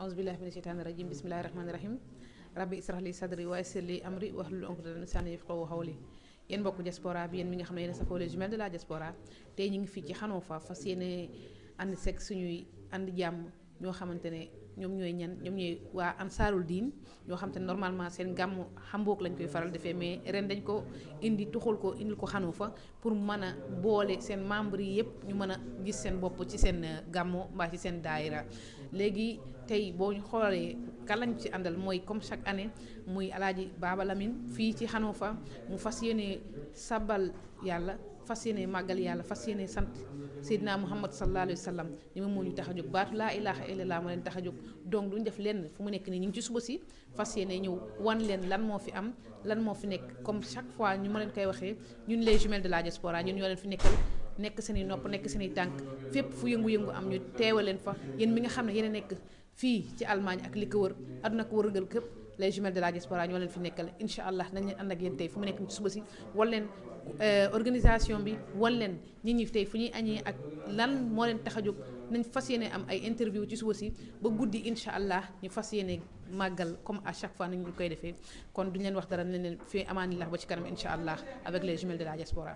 أعوذ بالله من الشيطان الرجيم بسم الله الرحمن الرحيم ربي اسرح لي صدري ويسر لي امري واحلل عقدة من لساني يفقهوا قولي يين بوكو ديسبورا بي يين ميغا خامني يين سافو لي جمال دي لا ديسبورا تي نيغي في سي خانوفا فاس يين اند سيك سونيي اند جام ñoo xamante ne ñoom ñooy ñan ñoom ñooy waa ansaarul diin ñoo xamante ne normalement seen gàmm xambook lañ koy faral defee mais ren dañ ko indi tuxul ko indi ko xanu fa pour mën a boole seen membre yi yëpp ñu mën a gis seen bopp ci seen euh, gàmmo mbaa ci seen daayira léegi tey boo ñu xoolee kan ci àndal mooy comme chaque année muy alaaji Baaba Lamin fii ci xanu fa mu fas yéene sabal yàlla fasiyene yéene yalla fasiyene sante yéene sant muhammad sallallahu alayhi wasallam ni ma moo ñu tax a jóg ilaha illallah mo len taxajuk a donc duñ def len fu mu nekk nii ñu ci suba ci fasiyene ñew wan len lan mo fi am lan mo fi nek comme chaque fois ñu mo len koy waxe ñun les jumelles de la diaspora ñun yo len fi nekkal nek seni nopp nek seni tank tànk fu yëngu-yëngu am ñu teewal fa yéen mi nga xamne yene nek fi ci Allemagne ak li ko wër àdduna ko wërgal képp les jumelles de la diaspora ñoo leen fi nekkal incha allah nañ leen ànd ak yéen tey fu mu nekk ci suba si wal leen organisation bi wal leen ñi ñi tey fu ñuy añee ak lan moo leen tax a jóg nañ fas yéene am ay interview ci suba si ba guddi incha allah ñu fas yéene màggal comme à chaque fois ñu koy defee kon duñ leen wax dara nañ leen fi amaanillah ba ci kanam incha allah avec les jumelles de la diaspora